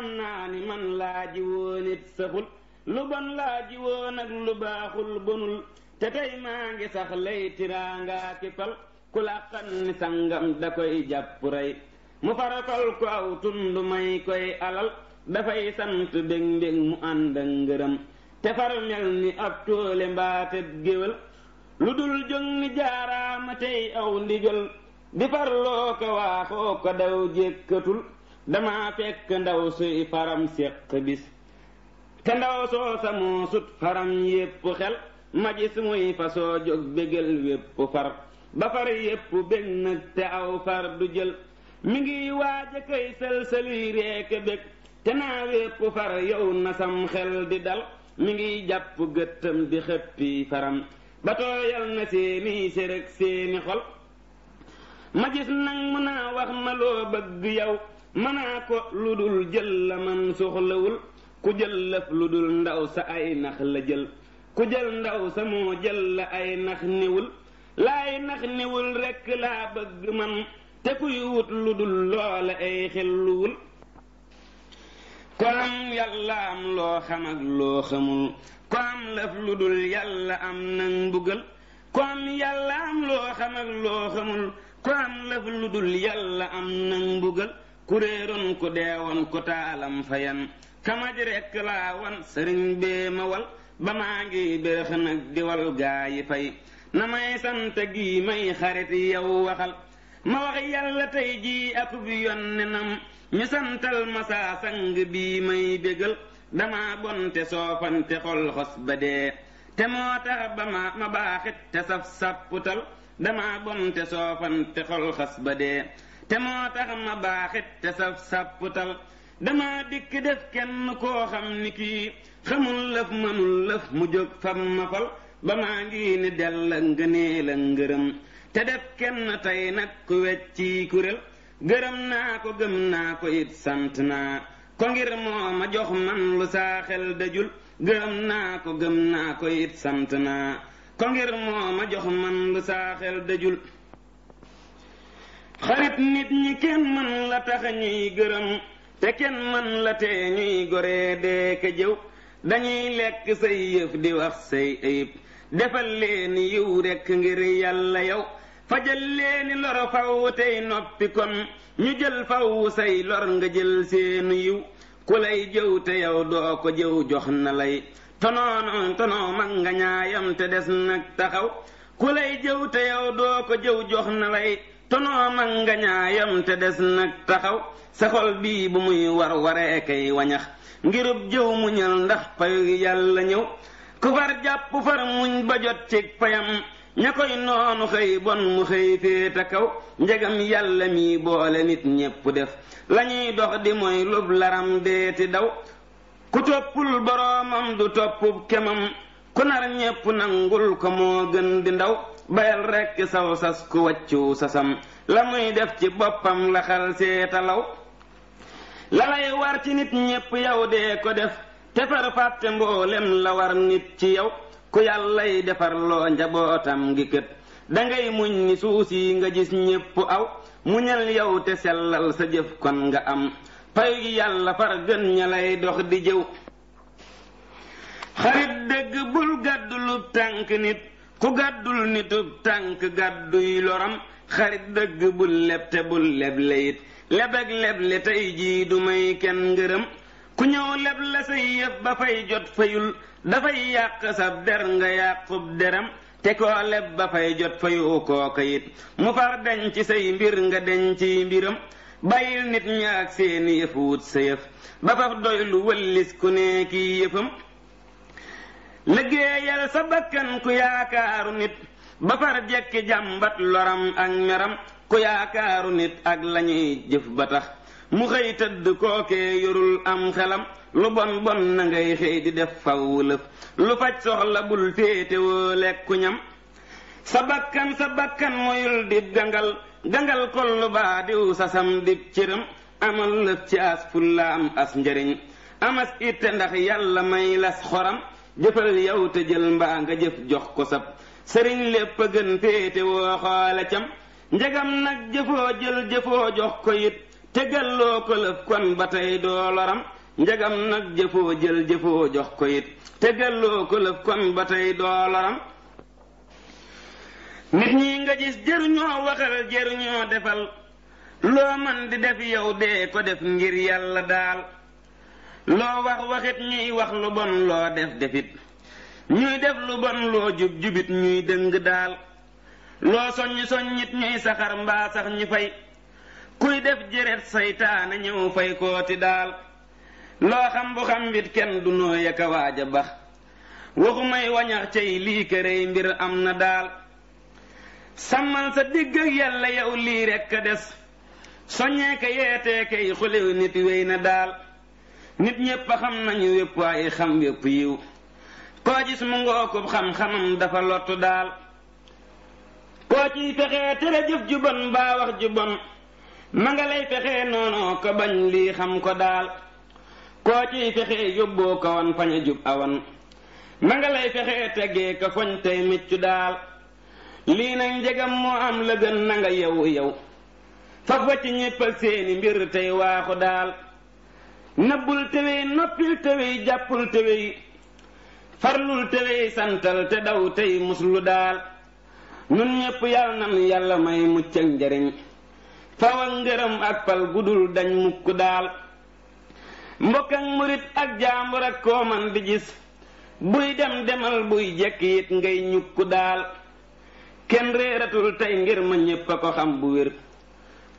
xam naa ni man laa ji woon it saxul lu bon laa ji woon ak lu baaxul bonul te tey maa ngi sax lay tiraangaa ki fal ku ni sangam da koy jàpp rey mu farakal ko aw tund may koy alal dafay sant bég mbég mu ànd ak ngërëm te far mel ni ab tóole mbaateb géwél lu dul jóg jaaraama tey aw ndigal di farloo ko waaxoo ko daw jékkatul dama fekk ndaw suy faram séq bis te ndaw soo samoo sut faram yépp xel ma gis muy fasoo jóg bégal wépp far ba far yépp bég nag te aw far du jël mi ngi waaj a koy sëlsëli reeke bég te naa wépp far yow na xel di dal mi ngi jàpp gëttam di xëppi faram ba tooyal na seeni séreg seeni xol ma gis nag mu naa wax ma loo bëgg yow mënaa ko lu dul jël la man soxlawul ku jël lëf lu dul ndaw sa ay nax la jël ku jël ndaw sa moo jël la ay nax niwul laay nax niwul rekk laa bëgg man te kuy wut lu dul loola ay xelluwul ko am yàlla am loo xam ak loo xamul ko am lëf lu dul yàlla am nag mbugal ko am yàlla am loo xam ak loo xamul ko am lëf lu dul yàlla am nag mbugal kuréeroon ku deewoon ku taalam fayan kamaj rekk laa wan bee ma wal ba maa ngi fay na may sant gi may xarit yow waxal ma wax yàlla tey jii akub yonnenam ñu santal ma saa sang bii may bégal dama bonte soofante xol ba dee te moo tax ba ma ma baaxit te saf sàpputal dama bonte soofante xol ba dee te moo tax ma baaxit te saf sàpputal dama dikk def kenn koo xam ni kii xamul lëf mënul lëf mu jóg fam ma ba maa ngi ni dell ak ngëneel ak ngërëm te def kenn tey nag ku wecci kuréel gërëm naa ko gëm naa ko it sant naa ko ngir moo ma jox man lu saaxel dajul gërëm naa ko gëm naa ko it sant naa ko ngir moo ma jox man lu saaxel dajul xarit nit ñi kenn mën la tax ñuy gërëm te kenn mën la tee ñuy gore dee ka jëw dañuy lekk say yëf di wax say ayib defal leen yiw rekk ngir yàlla yow fajal leeni lor faw tey noppi kon ñu jël faw say lor nga jël seenu yiw ku lay jëw te yow doo ko jëw jox na lay tonoon mag nga ñaayam te des nag taxaw ku lay jëw te yow doo ko jëw jox na lay tonoom ak nga ñaayam te des nag taxaw sa xol bii bu muy war waree kay wañax ngirub jëw muñal ndax payu yàlla ñëw ku far jàpp far muñ ba jot ci payam ña koy noonu xëy bon mu xëy féete kaw njegam yàlla mi boole nit ñépp def lañuy dox di mooy lub laram deeti daw ku toppul boroomam du toppub kemam ku nar ñépp nangul ko moo gën di ndaw bayal rekk saw sas ku wàccu sasam la muy def ci boppam laxal seetalaw la lay war ci nit ñépp yow dee ko def te far fàtte mboolem la war nit ci yow ku yàllay defar loo njabootam ngi kët dangay muñ ni suus nga gis ñépp aw muñal yow te sellal sa jëf kon nga am pay gi yàlla far gën ña lay dox di jëw xarit dëgg bul gàddu tànk nit ku gàddul nitub tànk gàdduy loram xarit dëgg bul leb te bul leb leyit lebeg leble tey jii du may kenn ngërëm ku ñëw leb la say yëf ba fay jot fayul dafay yàq sab der nga yàqub deram te koo leb ba fay jot fayu kooka yit mu far deñ ci say mbir nga deñ ciy mbiram bàyyil nit ña ak seeni yëf sa yëf ba faf doy wëllis ku ne kiy yëfam liggéeyal sa bakkan ku yaakaaru nit ba far jekki jàmbat loram ak meram ku yaakaaru nit ak lañuy jëf ba tax mu xëy tëdd kookee yorul am xelam lu bon bon na ngay xëy di def faw lëf lu faj soxla bul féetewoo lekku ñam sa bakkan sa bakkan moyul dib gangal gangal kollu baa diw sasam dib cëram amal lëf ci as fulla am as njëriñ amas itte ndax yàlla may las xoram jëfal yow te jël mbaa nga jëf jox ko sab sëriñ lépp a gën féete woo xoole cam njegam nag jëfoo jël jëfoo jox ko it tegalloo ko lëf kon ba tey doo loram njegam nag jëfoo jël jëfoo jox ko it tegalloo ko lëf kon ba tey doo loram nit ñi nga gis jëruñoo waxal jëruñoo defal loo man di def yow dee ko def ngir yàlla daal loo wax waxit ñuy wax lu bon loo def defit ñuy def lu bon loo jub jubit ñuy dëng daal loo soññ soññit ñuy saxar mbaa ñi fay kuy def jëret saytaane ñëw fay kooti daal loo xam bu xam bit kenn du noo yaka waaja bax waxu wañax cay lii kërey mbir am na daal sàmmal sa digg ak yàlla yow lii rekk a des soññee ka yeetee xulew nit wéy na daal nit ñépp xam nañu wépp waaye xam wépp yiw koo gis mu ngookub xam-xamam dafa lottu daal koo ciy fexee tere jëf ju bon mbaa wax ju bon ma nga lay fexee noonoo ko bañ lii xam ko daal koo ciy fexee yóbboo ko wan fañ a jub awan nga lay fexee tegee ko foñ tey miccu daal lii nag njegam moo am la gën na nga yow faf wa ci seeni mbir tey waaxu daal nëbbul tewey noppil tewey jàppul tewey farlul tewey santal te daw tey muslu daal nun ñépp yàlla nan yàlla may mucc njariñ faw ak ak pal gudul dañ mukk daal mbokk ak murit ak jaambur ak koo man di gis buy dem demal buy jekk it ngay ñukk daal kenn réeratul tey ngir ma ñépp a ko xam bu wér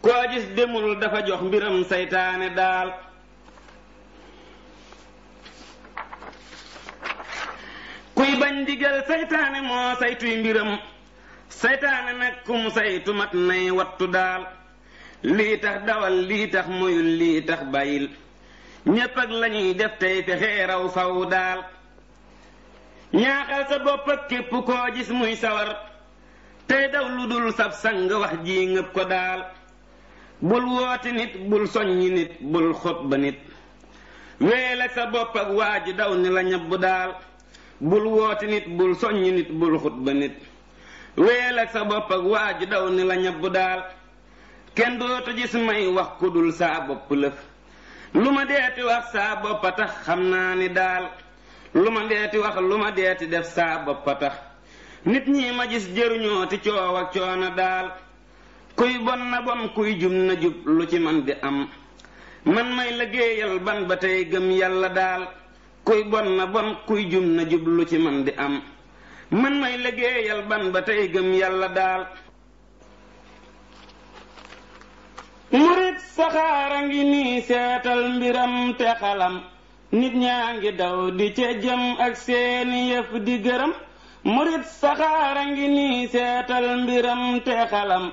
koo gis demul dafa jox mbiram saytaane daal kuy bañ digal saytaane moo saytuy mbiram saytaane nag ku saytu mat nay wattu daal lii tax dawal lii tax moyul lii tax bàyyil ñépp ak lañuy def tey fexee raw faw daal ñaaxal sa bopp ak képp koo gis muy sawar tey daw lu dul sab sang wax ji ngëb ko daal bul woote nit bul soññi nit bul xot ba nit weel ak sa bopp ak waa daw ni la ñabbu daal bul wooti nit bul soññ nit bul xutba nit weel ak sa bopp ak waa daw ni la ñabb daal kenn dootu gis may wax ku dul saa bopp lëf lu ma deeti wax saa boppa tax xam naa ni daal lu ma deeti wax lu ma deeti def saa boppa tax nit ñi ma gis jëruñoo ti coow ak coona daal kuy bon na bon kuy jub na jub lu ci man di am man may liggéeyal ban ba tey gëm yàlla daal kuy bon na bon kuy jum na jublu ci mën di am mën may liggéeyal ban ba tey gëm yàlla daal murit saxaara ngi nii seetal mbiram te xalam nit ñaa ngi daw di ca jëm ak seeni yëf di gërëm murit saxaara ngi nii seetal mbiram te xalam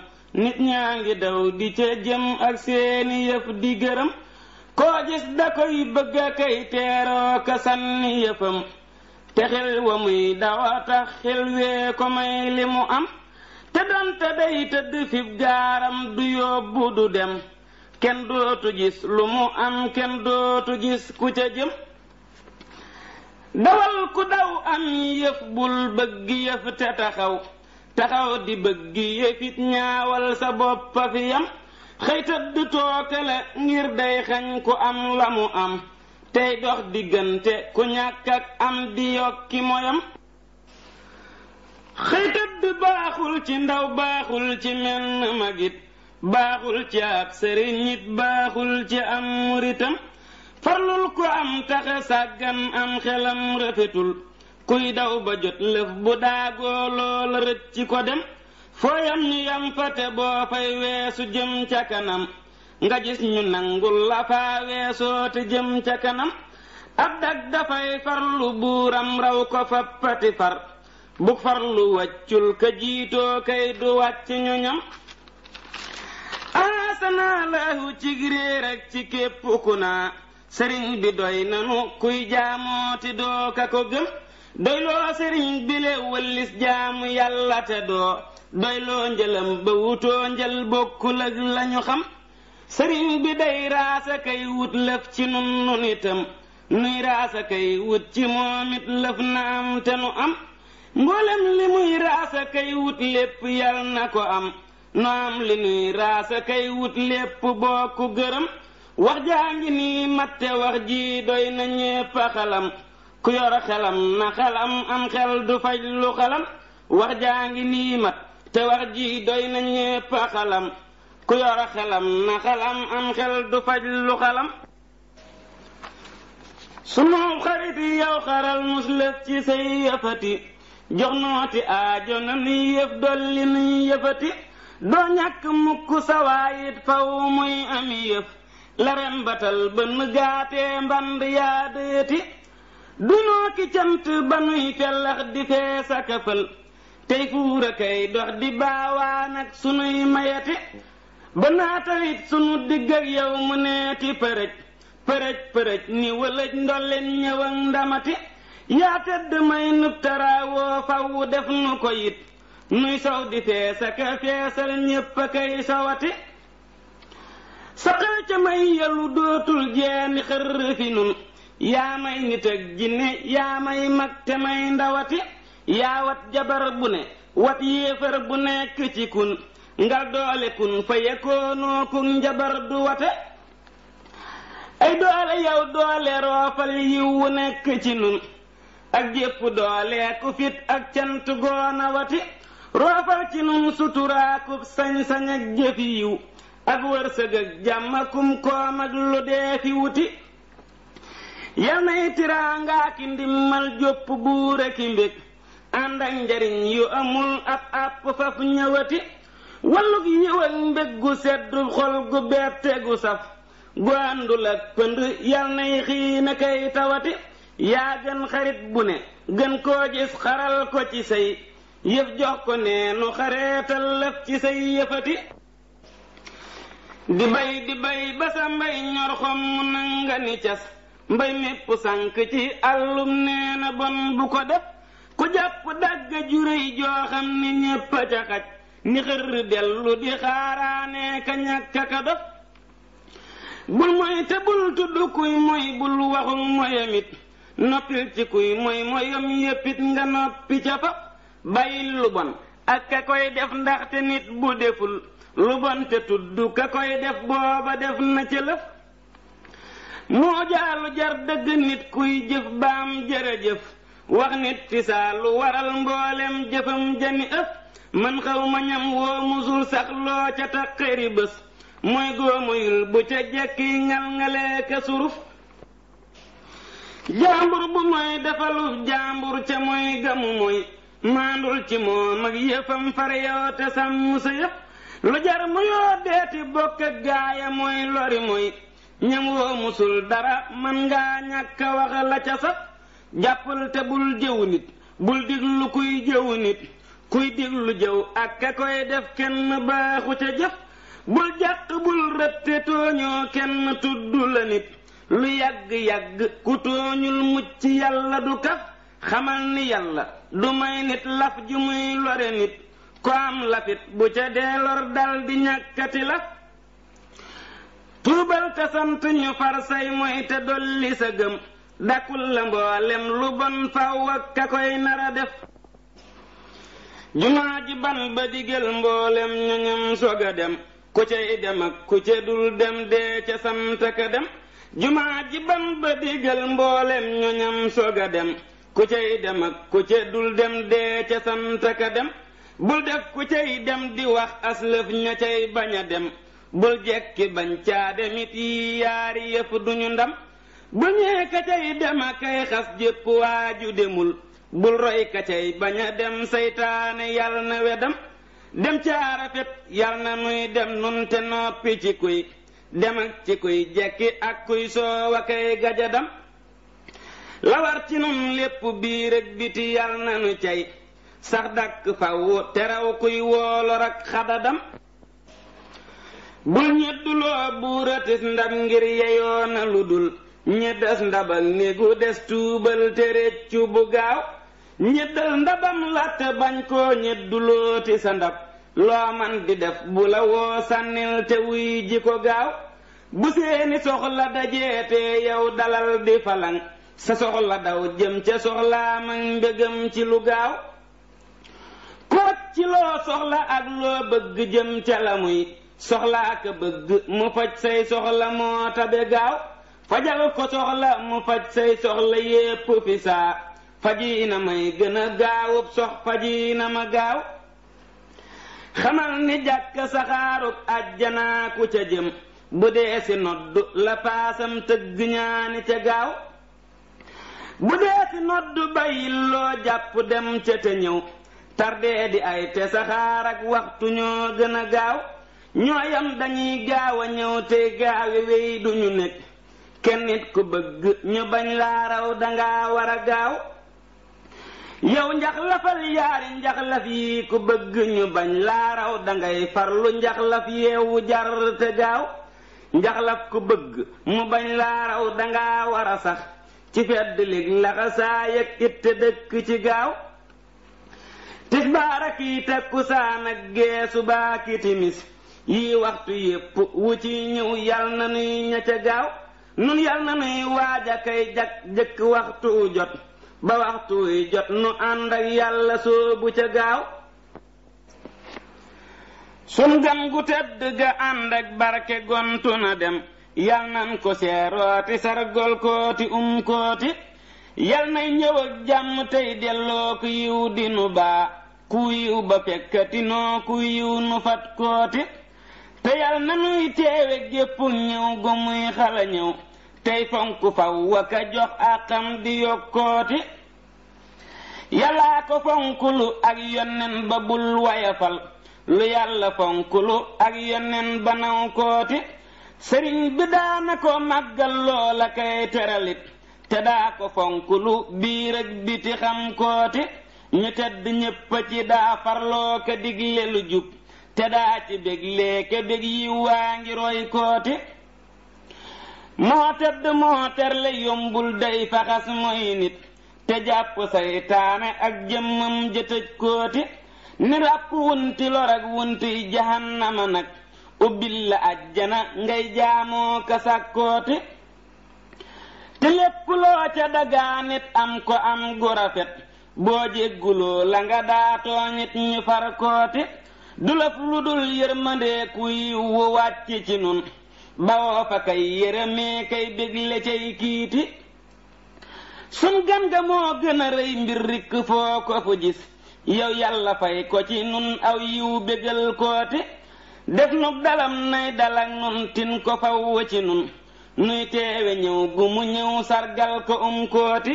nit ñaa ngi daw di ca jëm ak seeni yëf di gërëm koo gis da koy bëgga kay teeroo ka sànni yëfam te xel wa muy dawa tax xel wee ko may li mu am te day tëdd fib gaaram du yóbbu du dem kenn dootu gis lu mu am kenn dootu gis ku ca jëm dawal ku daw am yëf bul bëgg yëf te taxaw taxaw di bëgg yëfit ñaawal sa bopp a fi yam xëy tëdd tookale ngir day xañ ku am la mu am tey dox diggante ku ñàkk ak am di yokki moyam xëy tëdd baaxul ci ndaw baaxul ci menn magit baaxul ci ab sëriñ it baaxul ci am muritam farlul ku am taxe sàggan am xelam rafetul kuy daw ba jot lëf bu daagoo loola rëcc ko dem foo yam ñu fa te boo fay weesu jëm ca kanam nga gis ñu nangul la faa jëm ca kanam ab dag dafay farlu buuram raw ko fa pati far bu farlu wàccul ka kay du wàcc ñu ñam aasana laahu ci képp ku naa sëriñ bi doy nanu kuy jaamooti doo ka ko gëm doy loo sëriñ bile wëllis jaamu yàlla te doo doy njëlam ba wutoo njël bokkul ak lañu xam sëriñ bi day raasa kay wut lëf ci nun nun itam nuy raasa kay wut ci moom lëf na am te nu am mboolem li muy raasa kay wut lépp yal na ko am nu am li nuy raasa kay wut lépp boo gërëm wax jaa ngi nii matte wax ji doy na ñépp xalam ku yora xelam na xelam am xel du faj lu xalam wax jaa ngi nii mat te wax ji doy na ñépp xalam ku yora xelam na xelam am xel du faj lu xalam sunu xarit yow xaral musles ci say yëfati jox nooti aajo na nuy yëf dolli nuy yëfati doo ñàkk mukk sawaayit faw muy ami yëf la rembatal bënn gaatee mband yaa dëyati dunoo ki ba nuy fellax di fees ak fël tey fuura dox di baawaan ak sunuy mayati ba naatawit sunu digg ak yow mu neeti përëj përëj përëj ni wëlëj ndolleen ñëw ndamati yaa tëdd may nub taraawoo fawwu def nu ko nuy sow di fees feesal ñépp a sa xëy ca may yalu dootul jeeni xërr fi nun yaa may nit ak jinne yaa may mag te may ndawati yaa wat jabar bu ne wat yéefar bu nekk ci kun ngal doole kun fa yekoonoo kun njabar du wate ay doole yow doole roofal yiw wu nekk ci nun ak jépp doole ku ak cant goona wati roofal ci nun suturaakub sañ-sañ ak jëf yiw ak wërsëg ak jàmm koom ak lu dee fi wuti yal nay tiraanga ndimmal jopp buur a ki mbég ànd ak njariñ yu amul ab àpp faf ñëwati walluk yiw ak mbég gu seddu xol gu bette saf gu àndul ak pënd yal nay xiina kay tawati yaa gën xarit bu ne gën koo gis xaral ko ci say yëf jox ko neenu xareetal lëf ci say yëfati di bay di bay ba sa mbay ñor xom mu nanga ni cas mbay mépp sànk ci àllum nee na bon bu ko def ku jàpp dàgg juréy joo xam ni ñépp a ca xaj ni xër dellu di xaaraanee ka ñàkk ka dof bul mooy te tudd kuy mooy bul waxul moyam it noppil ci kuy mooy moyam yéppit nga noppi ca fa bàyyil lu bon ak ka koy def ndaxte nit bu deful lu bon te tudd ka koy def booba def na ca moo jaalu jar dëgg nit kuy jëf baam jërëjëf wax nit fi saalu waral mboolem jëfam jani ëf man xaw ma ñam woo musul sax ca ta xëri bés mooy góomayul bu ca jekki ngal ngalee ka suruf jaambur bu mooy defaluf jaambur ca mooy gamu mooy maandul ci moom ak yëfam far yow te sàmm sa yëpp lu jar mu deeti bokk gaaya mooy lori mooy ñam woo dara man ngaa ñàkk a wax la ca sax jàppal te bul jëw nit bul diglu kuy jëw nit kuy diglu jëw ak ka koy def kenn baaxu ca jëf bul jàq bul rëtte tooñoo kenn tudd la nit lu yàgg-yàgg ku tooñul mucc yàlla du kaf xamal ni yàlla du nit laf ju muy lore nit ko am lafit bu ca dee lor ñàkkati laf tuubal te sant ñu far say mooy te dolli sa gëm dakul la mboolem lu bon faw ak ka koy nara def jumaa ji ban ba digal mboolem ñoñam sog a dem ku cay dem ak ku ca dul dem dee ca sant ka dem jumaa ji ba digal sog a dem ku cay dem ak ku ca dul dem bul def ku cay dem di wax aslëf ña cay bañ a dem bul jekki bañ caa demit yi yaari yëf duñu ndam bu ñee ka cay dem a kay xas jépp waaju demul bul roy ka cay bañ a dem seytaane yal na wedam dem caa rafet yal na nuy dem nun te noppi ci kuy dem ak ci kuy jekki ak kuy soowa kay gajadam lawar ci nun lépp biir ak biti yal na nu cay sax dakk faw teraw kuy woolor ak xadadam bul ñedduloo buuratis ndab ngir yeyoona lu dul ñeddas ndabal ni gu des tuubal te réccu bu gaaw ñeddal ndabam latte bañ koo ñeddulooti sa ndab loo man di def bu la woo sànnil te wuy ji ko gaaw bu seeni soxla dajeetee yow dalal di falang sa soxla daw jëm ca soxlaa mag mbégam ci lu gaaw korot ci loo soxla ak loo bëgg jëm ca la muy soxlaa ka bëgg mu faj say soxla moo tabe gaaw fajal ko soxla mu faj say soxla yépp fi saa faji na may gën a gaawub sox faji na ma gaaw xamal ni jàkk saxaarub ajjanaa ku ca jëm bu dee si nodd la paasam tëgg ñaani ca gaaw bu dee si nodd bàyyil loo jàpp dem ca te ñëw tardee di ay te saxaar ak waxtu ñoo gën a gaaw ñooyam dañuy gaaw a ñëw te gaawe wey duñu nekk kenn nit ku bëgg ñu bañ laaraw danga war a gaaw yow njaxlafal yaari njaxlaf yi ku bëgg ñu bañ laaraw dangay farlu njaxlaf yeewu jar te gaaw njaxlaf ku bëgg mu bañ laaraw danga war a sax ci fedd lig laxasaay ak it dëkk ci gaaw tisbaar ak ak gee subaa ki yii waxtu yépp wu ci ñëw yal na nuy ña ca gaaw nun yal na nuy waaja kay jëkk waxtu jot ba waxtu yi jot nu ànd ak yàlla soobu ca gaaw sun gan gu tedd ga ànd ak barke gontu na dem yal nan ko seerooti sargol kooti um kooti yal nay ñëw ak jàmm tey delloo ku yiw di nu baa ku yiw ba fekkati noo ku yiw nu kooti te yàlla na nuy teewe gépp ñëw gu muy xala ñëw tey fonk faw waka jox àqam di yokkooti yàllaa ko fonkulu ak yonnen ba bul wayafal lu yàlla fonkulu ak yonnen ba naw kooti sëriñ bi daana ko màggal loola kay teralit te daa ko fonkulu biir ak biti xam kooti ñu tedd ñépp ci daa farloo ka digle lu jub te daa ci bég leeke bég yi waa ngi roy koote moo tedd moo terle yombul day faxas mooy nit te jàpp saytaane ak jëmmam jëtëj koote ni ràpp wunti lor ak jahannama nag ubbil la ajjana ngay jaamoo kasak koote te lépp loo ca dagaanit am ko am gu rafet boo jégguloo la nga daa tooñit ñu far koote du laf lu dul yërmande ku yiwu wàcc ci nun bawoo fa kay yërëmee kay bégle cay kiiti sun gan ga moo gën a rëy mbir foo ko fu gis yow yàlla fay ko ci nun aw yiw bégal kooti def nu dalam nay dalak nun tin ko faw ci nun nuy teewe ñëw gu mu ñëw sargal ko um kooti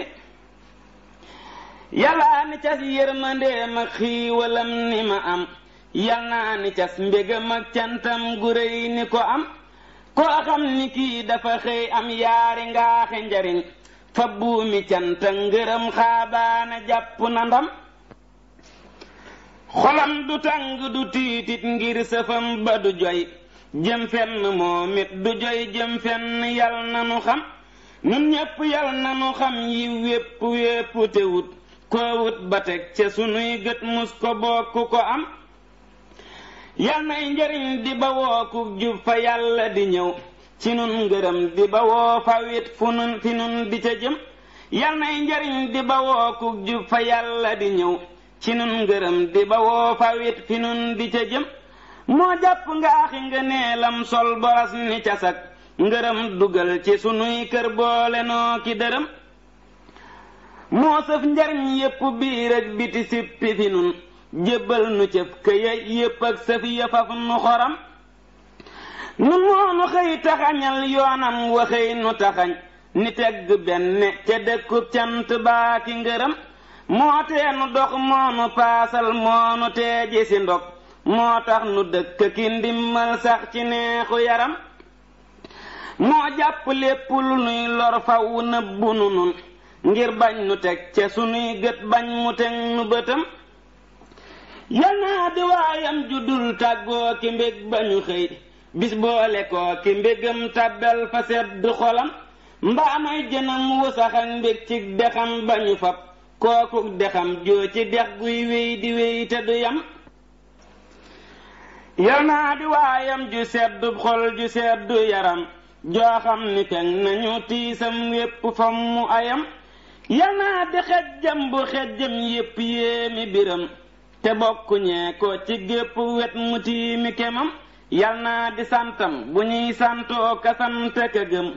yàlla ni cas yërmandeem ak xiiwalam ni ma am yal naa ni cas mbégam ak cantam gu rëy ni ko am koo xam ni kii dafa xëy am yaari ngaaxe njariñ fa buumi canta ngërëm xaabaana jàpp na ndam xolam du tàng du tiitit ngir sëfam ba du joy jëm fenn moom du joy jëm fenn yal na nu xam nun ñépp yal na nu xam yi wépp wépp te wut koo wut ba teg ca sunuy gët mus ko bokk ko am yal nay njariñ di bawoo ku fa yàlla di ñëw ci nun ngërëm di bawoo fawit fu fi nun di ca jëm yal nay njariñ di bawoo ku jub fa yàlla di ñëw ci nun ngërëm di bawoo fawit fi nun di ca jëm moo jàpp nga axi nga neelam sol boras ni casak ngërëm dugal ci sunuy kër boole noo ki dërëm moo sëf njariñ yépp biir ak biti sippi fi nun jébbal nu cëf këya yépp ak safiya faf nu xoram nun moonu xëy taxañal yoonam waxëy nu taxañ ni tegg benn ca dëkkub cant baa ki ngërëm moo teenu dox moonu paasal moonu teeji si ndog moo tax nu dëkk ki ndimmal sax ci neexu yaram moo jàpp lépp lu nuy lor faw nëbbu nun ngir bañ nu teg ca sunuy gët bañ mu teg nu bëtam yanaa di waayam juddul tàggoo ki mbég ba ñu xëy bis boole koo ki mbégam tàbbel fa sedd xolam mbaa may jënam wu saxak mbég ci dexam ba ñu fab kooku dexam joo ci dex guy wéy di wéy te du yam yanaa di waayam ju seddu xol ju seddu yaram joo xam ni feng nañu tiisam wépp fam mu ayam yanaa di xejjam bu xejjam yépp yéemi biram te bokkuñee ko ci gépp wet mu tiimi kemam yal naa di santam bu ñuy santoo ka sant ka gëm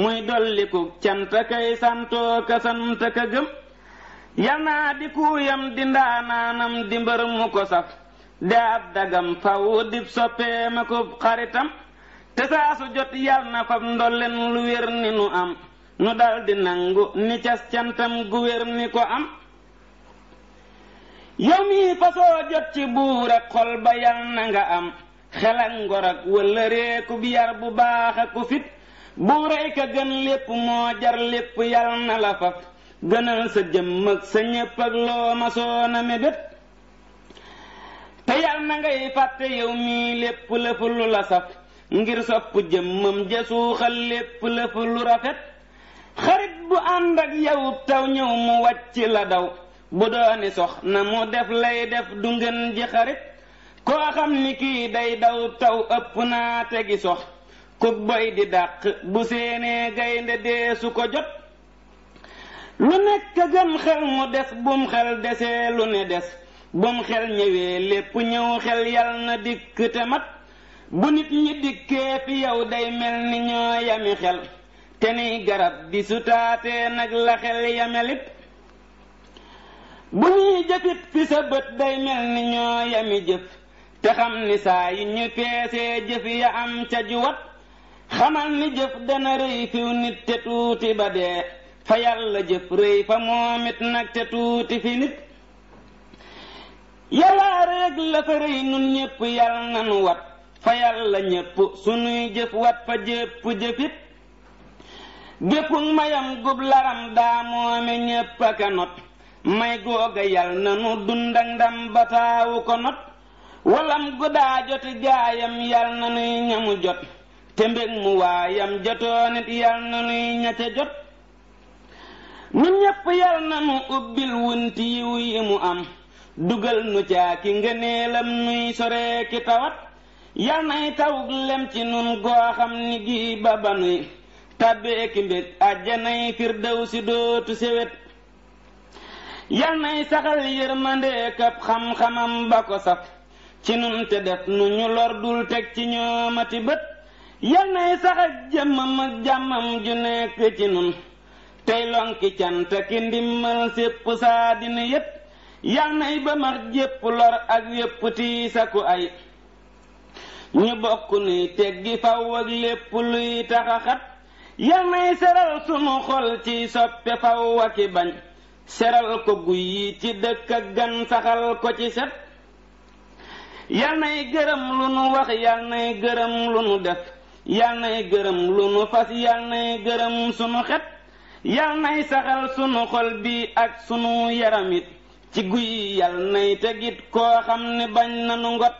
muy dolliku cant kay santoo ka sant ka gëm yal naa di kuuyam di ndaanaanam di mbër mu ko saf de ab dagam faw dib soppeem ak xaritam te saa su jot yal na fab ndolleen lu wér nu am nu dal nangu ni cas cantam gu wér ko am yow mii fasoo jot ci buur ak xol ba yal na nga am xel ak ngor ak yar bu baax ak ku fit buuray ka gën lépp moo jar lépp yal na la faf gënal sa jëmm ak sa ñépp ak loo ma soo na te yal na ngay fàtte yow mii lépp lëf lu la saf ngir sopp jëmmam jasuuxal lépp lëf lu rafet xarit bu ànd ak yow taw ñëw mu wàcc la daw bu dooni sox na mu def lay def du ngeen ji xarit koo xam ni kii day daw taw ëpp naa tegi sox kuk boy di dàq bu seenee gaynde dee su ko jot lu nekk gën xel mu des bum xel desee lu ne des bum xel ñëwee lépp ñëw xel yal na dikk te mat bu nit ñi dikkee fi yow day mel ni ñoo yami xel te niy garab di su nag la xel yamelit bu ñuy jëfit fi sa bët day mel ni ñoo yami jëf te xam ni saa yi ñu peesee jëf ya am ca juwat xamal ni jëf dana rëy fiw nit te tuuti ba dee fa yàlla jëf rëy fa moom nag te tuuti fi nit yàllaa rek la fa rëy nun ñépp yàlla nanu wat fa yàlla ñépp sunuy jëf wat fa jëfit géppug mayam gub laram daa moome ñépp aka not may googa yal na nu dund ak ndam ba taawu ko not walam gu daa jot gaayam yal na nuy ñamu jot te mbég mu waayam jotoonit yal na nuy ñaca jot nu ñépp yal na nu ubbil wunti yiw yi mu am dugal nu caaki ngëneelam nuy sore tawat yal nay tawug lem ci nun goo xam ni gi ba banuy tàbbeeki mbég àjjanay firdaw si dootu sewet yal nay saxal yërmande kap xam-xamam ba ko saf ci nun te def nu ñu lor dul teg ci ñoomati bët yal nay saxal jëmmam ak jàmmam ju nekk ci nun tey lonki cant ki ndimmal sépp saa yépp yal nay ba jépp lor ak yépp tiisaku ay ñu bokk nuy teggi faw ak lépp luy taxaxat yal nay seral sunu xol ci soppe faw aki bañ seral ko guy yi ci dëkk ak gan saxal ko ci set yal nay gërëm lu nu wax yal nay gërëm lu nu def yal nay gërëm lu nu fas yal nay gërëm sunu xet yal nay saxal sunu xol bi ak sunu yaram yaramit ci guy yi yal nay tegit koo xam ne bañ nanu ngot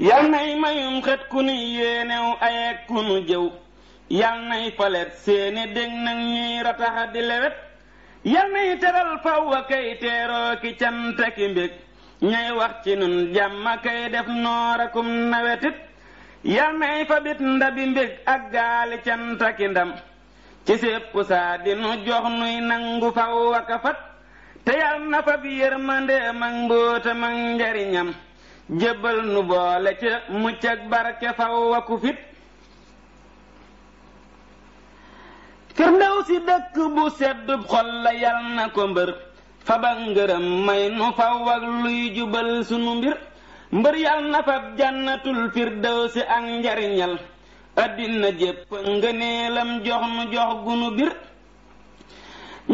yal nay mayum xet ku nu yéenew ayeeg ku jëw yal nay falet seeni dég nag ñuy rataxa di lewet yal nay teral faw kay teeroo ki canta ki mbég ñay wax ci nun jàmma kay def noorakum nawetit yal nay fabit ndabi mbég ak gaali canta ki ndam ci sépp saa di nu jox nuy nangu faw a kafat te yal na fab yërmande mag mbóotam ak njariñam jébbal nu boole ca mucc ak barke faw a firndaw si dëkk bu sedd xol la yal na ko mbër fa ba may nu faw ak luy jubal sunu mbir mbër yal na fab jànnatul firdaw si ak njariñal addina jépp ngëneelam jox nu jox gunu bir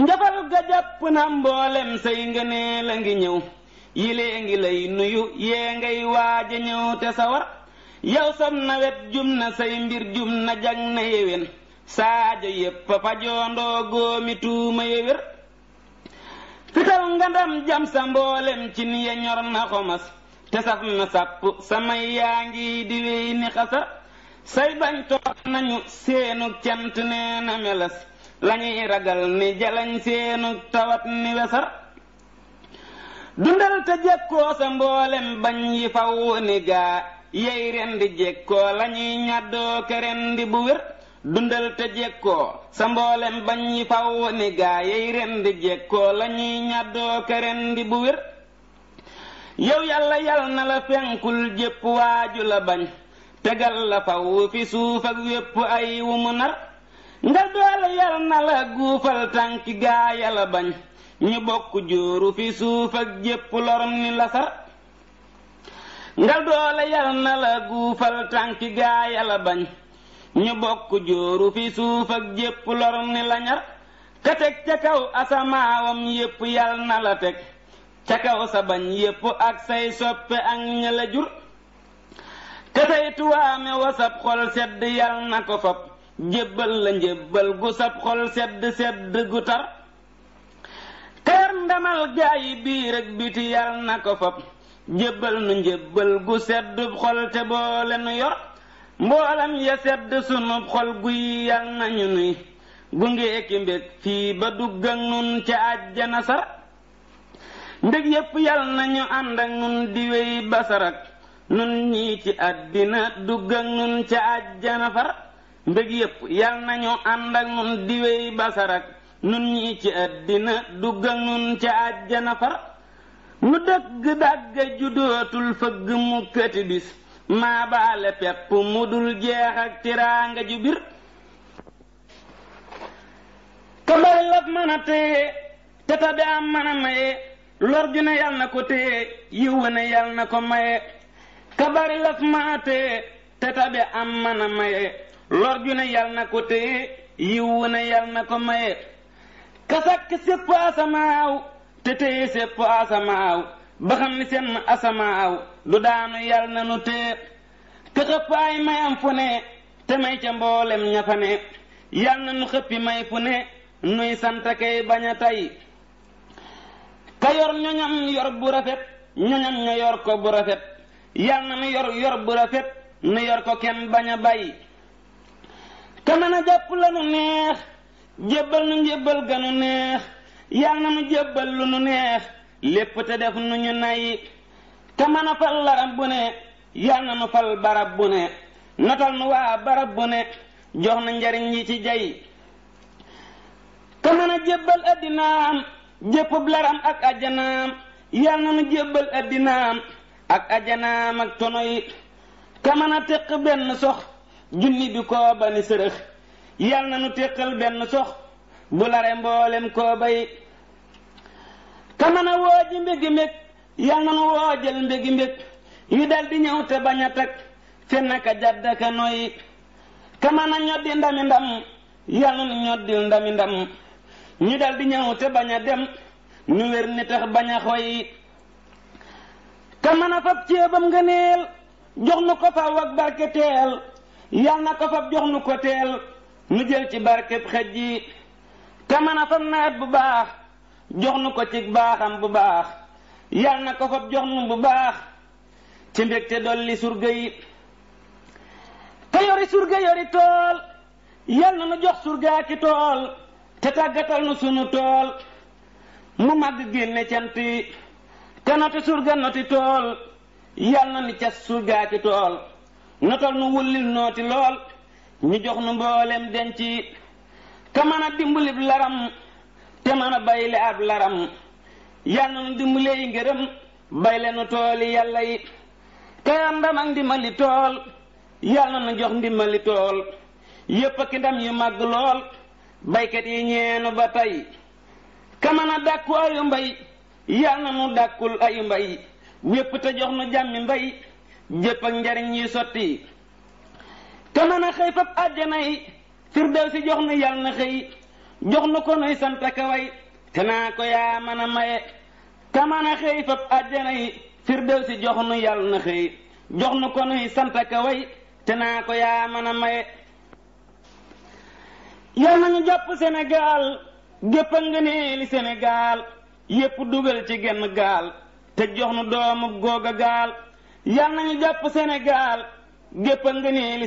njafal ga na mboolem say ngëneel a ngi ñëw yilee ngi lay nuyu yee ngay waaja ñëw te sawar yow sam na wet na say mbir jum na jag na yewen saajo yépp fajoondoo góomi tuuma ya fital nga ndam jam sa mboolem ci ya na xomas te saf na sàpp samay yaa ngi di wéy ni xasa say bañ toog nañu seenu cant nee na melas lañuy ragal ni jalañ seenu tawat ni wesar dundal te jekkoo sa mboolem bañ yi faw ni gaa yey ren jekkoo lañuy ñàddoo ke ren bu wér dundal te jekkoo sa mboolem bañ ñi faw ni gaa yey ren jekkoo la ñàddoo ka ren bu wér yow yàlla yal na la fenkul jépp waaju la bañ tegal la faw fi suuf ak wépp ay wu nar nga doole yal na la guufal tànki gaaya la bañ ñu bokk jóoru fi suuf ak jépp lorom ni lasar nga doole yal na la guufal tànki gaaya la bañ ñu bokk jooru fi suuf ak jépp lor ni lañar ka teg ca kaw asamaawam yépp yal na la teg ca kaw sa bañ yépp ak say soppe ak ña jur ka say tuwaame wasab xol sedd yal na ko fab jébbal la njébbal gu sab xol sedd sedd gu tar kayar ndamal gaayi biir ak biti yal na ko fab jébbal nu njébbal gu sedd xol te boole nu yor mboolam ya sedd sunub xol guy yal nañu nuy gungeeki mbég fii ba dugg ak nun yépp yal nañu ànd ak nun di wéy ba sarak ci àddina dugg ak nun ca àjjana far mbég yépp yal nañu ànd ak nun di wéy ba nun ñii ci àddina dugg ak nun ca àjjana far nu dëgg dàgga ju fëgg mukkati bis maa baale pepp mu dul jeex ak tiraanga ju bir ka bari laf mën a téye te tabe am mën a maye lor ju ne yal na ko téye yiw ne yal na ko maye ka bari laf mën a téye te tabe am a maye lor ju ne na ko téye yiw ne yal na ko maye ka lu daanu yal na nu tee ka xëpp ay mayam fu ne te may ca ña fa ne yal na nu xëppi may fu ne nuy sant kay bañ a tey ka yor ñoñam yor bu rafet ñoñam ña yor ko bu rafet yal na nu yor yor bu nu yor ko kenn bañ a bay ka mën a jàpp la nu neex jébbal nu njébbal ga nu neex yal na nu jébbal lu nu neex lépp te def nu ñu nay te mën a fal larab bu ne yal na nu fal barab bu ne notal nu waa barab bu ne jox na njariñ yi ci jay te mën a jébbal addinaam jéppub laram ak ajanaam yal na nu jébbal addinaam ak ajanaam ak tono yi te mën a benn sox junni bi kooba ni sërëx yal na nu téqal benn sox bu lare mboolem kooba yi te mën a woo ji mbégi yal na nu woo jël mbégi mbég yu dal di ñëw te bañ a teg te naka jàdd ka noy ka ñoddi ndami ndam yal na nu ñoddil ndami ndam ñu dal di ñëw te bañ a dem nu wér ni tax bañ a xoy ka fab ceebam nga neel jox nu ko faw ak barke yal na ko fab jox nu ko teel nu jël ci barkeb xej ji ka a fab nawet bu baax jox nu ko ci baaxam bu baax yàlla na ko fab jox nu bu baax ci mbégte dolli surga yi te yori surga yori tool yàlla na nu jox surgaa ki tool te tàggatal nu sunu tool mu màgg génne cant yi te surga noti tool yàlla na ni cas surgaa ki tool notal nu wullil nooti lool ñu jox nu mboolem denc yi te mën a dimbalib laram te mën a bayile ab laram yàlla nu dimbalee ngërëm bay leenu tooli yàlla yi te ndam ak ndimbali tool yàlla nu jox ndimbali tool yépp ak ndam yu màgg lool baykat yi ñeenu ba tey kamana dàkku ayu mbay yàlla nu dàkkul ayu mbay wépp te jox nu jàmmi mbay jëpp ak njariñ yi sotti kamana xëy fab àjjana yi firdaw si jox nu yàlla na xëy jox nu ko nuy sant ak way te naa ko yaa mën a maye kamana xëy fab àjjana yi firdew si jox nu yàlla na xëy jox nu ko nuy sant ka way te naa ko yaa mën a maye yal nañu jàpp Sénégal gépp a ngëneeli yépp dugal ci genn gaal te jox nu doomu googa gaal yal nañu jàpp senegal gépp a ngëneeli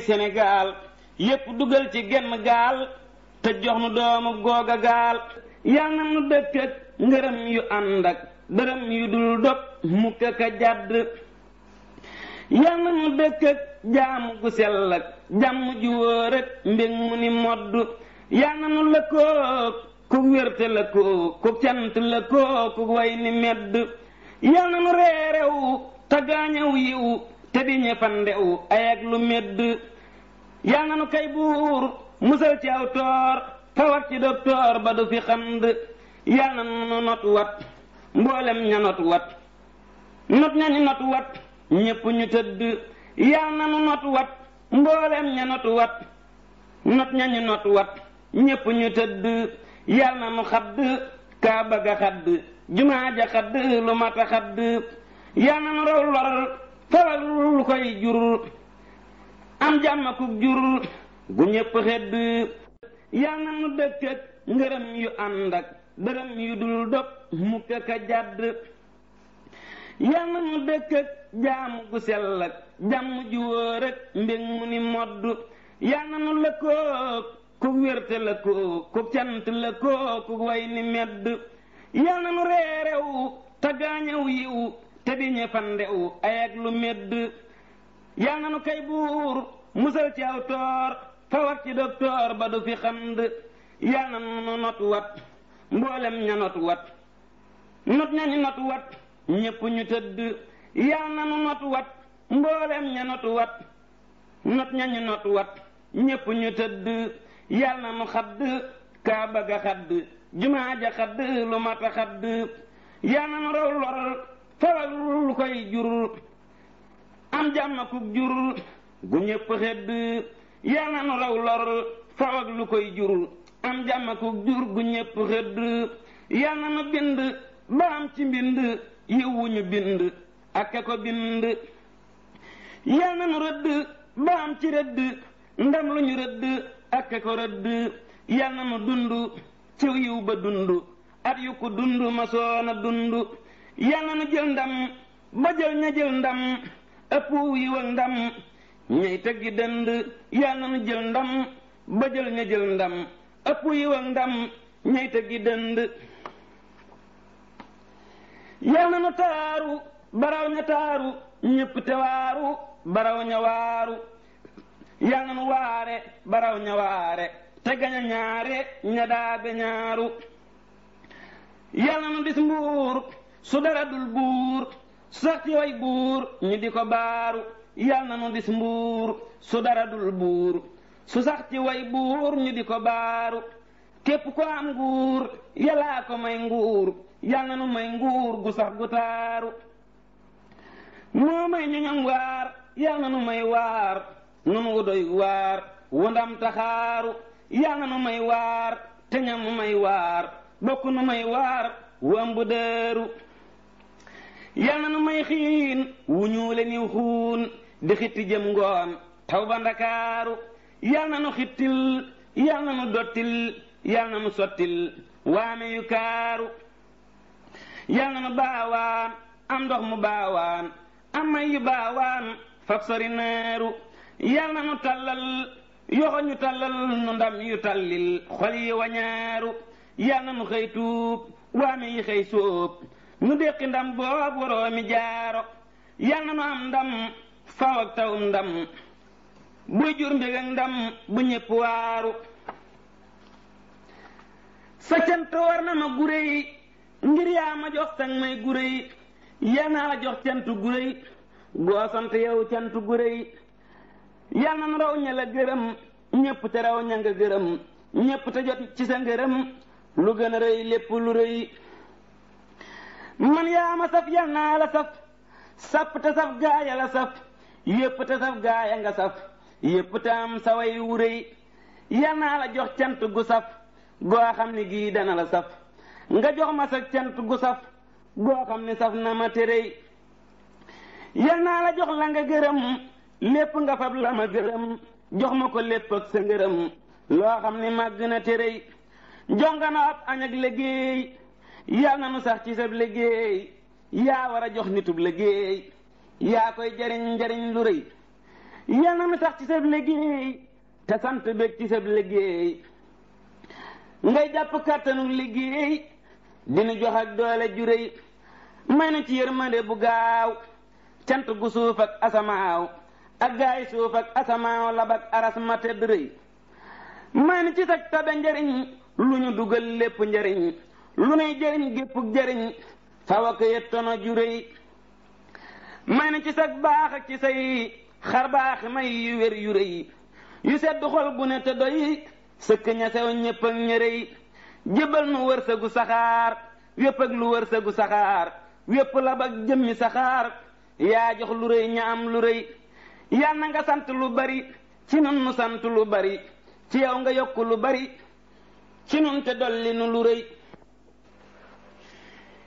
yépp dugal ci genn gaal te jox nu doomu googa gaal yal na nu dëkk ak yu ànd ak dërëm yu dul dog mukk ka jàdd yal na nu jaamu gu sell ak ju wóor ak mu ni modd yal na nu ku wérte lëkkoog ku cant lëkkoog ku way ni medd yal na nu reerew te gaañew te di ñëfandew ay lu medd yal na kay buur musal ci aw toor fawat ci doktoor ba du fi xand yal na nu not wat mboolem ña not wat not ñañu not wat ñépp ñu tëdd yal na nu not wat mboolem ña not wat not ñañu not wat ñépp ñu tëdd yal na nu xadd kaaba ga xadd jumaa ja xadd lu a xadd yal na nu raw lor faral lu koy jur am jàmm jur gu ñépp xedd yal na nu dëkk ngërëm yu ànd ak dërëm yu dul dog mukk ka jàdd yal na mu dëkk jaamu gu sell ak jàmm ju mu ni modd yal na nu lëkkoog ku wérte lëkkoog ku cant lëkkoog ku way medd yal na nu reerew te gaañaw yiw te di ñëfandew ay ak lu medd yal na nu kay buur musal ci aw fa wat ci doktoor ba du fi xamd yal na nu not wat mboolem ña not wat not nañu not wat ñépp ñu tëdd yal na nu not wat mboolem ña not wat not nañu not wat ñépp ñu tëdd yal na nu xadd kaaba ga xadd jumaa ja xadd lu a xadd yal na nu raw lor faral lu koy jur am jàmm jur gu ñépp xëdd yal na nu raw lor faral lu koy jur am jàmm jur gu ñépp xëdd yal na nu bind ba am ci mbind yiwuñu bind ak a ko bind yal nañu rëdd ba am ci rëdd ndam lu ñu rëdd ak a ko rëdd yal nañu dund ci yiw ba dund at yu ko masoona dund yal nañu jël ndam ba jël ña jël ndam ëpp yiw ak ndam ñay tëggi dënd yal nañu jël ndam ba jël ña jël ndam ëpp yiw ak ndam ñay tëggi dënd yal na nu taaru baraw ña taaru ñëpp te waaru baraw ña waaru yal na nu waare baraw ña waare te gaña na nu dis mbuur su dara ko baaru yal na nu dis mbuur su dara dul buur su sax ci way buur ñu di ko baaru képp ko am nguur yàllaa ko may nguur yàlla na nu may nguur gu sax gu taaru moo may ñoñam waar yàlla na nu may waar nun wu doy waar wu ndam taxaaru yàlla na nu may waar te ñam nu may waar bokk nu may waar wu ëmb dëeru yàlla nu may xiin wu ñuule niw xuun di xitti jëm ngoon taw ba ndakaaru yàlla nu xittil yàlla na nu dottil yàlla na nu sottil waame yu kaaru yal na nu baawaan am ndox mu baawaan am may yu baawaan fab sori neeru yal na nu tallal yoxo ñu tallal nu ndam yu tallil xol yi wañaaru yal na nu xëy tuub waame yi xëy sóob nu déqi ndam boob waroomi jaaro yal na nu am ndam faw tawum ndam buy jur mbég ndam bu ñépp waaru sa cant war na ma guréy ngir yaa ma jox sang may gure yi yal naa la jox cantu gu yi goo sant yow cantu gure yi yal nan raw ña gërëm ñépp te raw ci sa ngërëm lu gën a rëy lépp lu rëy man yaa ma saf yal naa la saf sap nga saf yépp te am jox cant gu saf goo xam ne gii dana la saf nga jox ma sa cant gu saf goo xam ne saf na ma téere yal naa la jox la nga gërëm lépp nga fab la ma gërëm jox ma ko lépp ak sa ngërëm loo xam ne màgg na téere jox nga na ab añ ak liggéey yal na nu sax ci sab liggéey yaa war a jox nitub liggéey yaa koy jariñ njariñ lu rëy yal na nu sax ci sab liggéey te sant bég ci sab liggéey ngay jàpp kàttanu liggéey dinu jox ak doole ju réy may na ci ma bu gaaw cant gu suuf ak asamaaw ak gaay suuf ak asamaaw labak aras ma tedd rëy may na ci sag tabe njariñ lu ñu dugal lépp njariñ lu nuy jariñ gépp jariñ fawaka yettono ju réy may na ci sag baax ak ci say xar baax may yu wér yu réy yu sedd xol bu ne te doy sëkk ña sew ñépp ak ñërëy jébal nu wërsëgu saxaar wépp lu wërsëgu saxaar wépp lab ak jëmmi saxaar yaa jox lu rëy ñam lu rëy yal na nga sant lu bari ci nun nu sant lu bari ci yow nga yokk lu bari ci nun te dolli nu lu rëy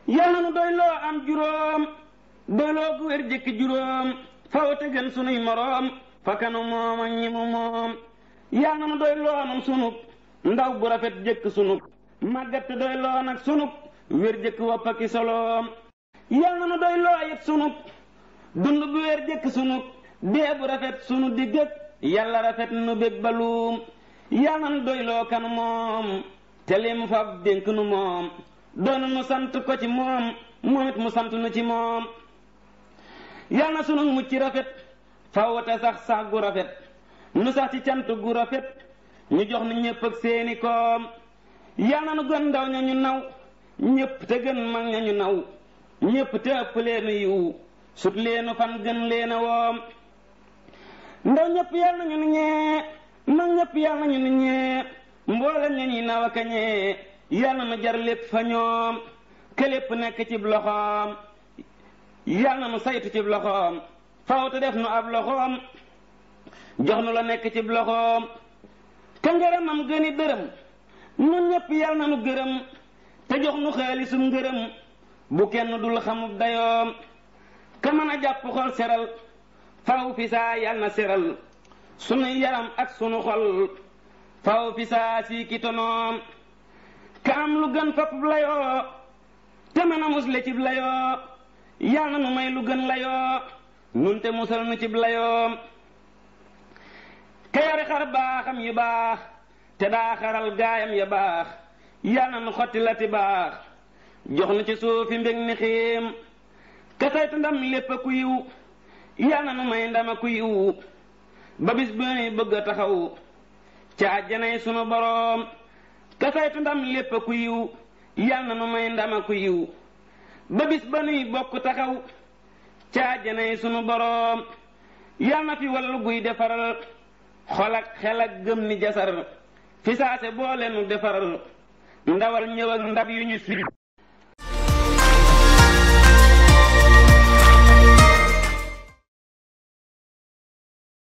yal na nu doy loo am juróom doy gu wér jëkki juróom faw te gën sunuy moroom fakanu moom ak ñi mu moom yal na nu doy loo sunub ndaw bu rafet jëkk sunub màggat doy loo nag sunub wér jëkk wopp ak yal na nu doy loo yit sunub dund bu wér jëkk sunub dee bu rafet sunu digg yàlla rafet nu bég baluum yal nu doy loo kan moom te li mu fab dénk nu moom doon nu sant ko ci moom moom it mu sant nu ci moom yal na sunu rafet fawwate sax sax gu rafet nu sax ci cant gu rafet ñu jox nu ñépp seeni koom yaa nanu gën ndaw ña ñu naw ñépp te gën mag ña ñu naw ñépp te ëpp leenu yiw sut leenu fan gën leena ndaw ñépp yal nañu nu nu ñee mboolem ña ñuy naw ak a ñee yal na nu jar lépp fa ñoom ke nekk cib loxoom yal na nu saytu ci loxoom faw te def nu ab loxoom jox nu la nekk cib loxoom ka ngërëmam gëni dërëm nun ñëpp yal na nu gërëm te jox nu xaalisum ngërëm bu kenn dul xamub dayoom ka mën a jàpp xol seral faw fi saa yal na seral sunuy yaram ak sunu xol faw fi saa sii kitonoom ka am lu gën fapub layoo te mën a musle cib layoo yal na nu may lu gën layoo nun te musal nu cib layoom ka yari xar baaxam yu baax te daa xaral gaayam ya baax na nu xotti lati baax jox nu ci suufi mbég ni xiim kasaytu ndam lépp a ku yiw yàlla nu may ndama ku yiw ba nuy bëgg a taxaw ca àjjanay sunu boroom kasaytu lépp ku yiw yàlla nu yiw ba bis ba nuy sunu boroom yàlla na fi wallu guy defaral xol ak gëm ni jasar fi saase boo leen defaral ndawal ñëwal ndab yu ñu sirip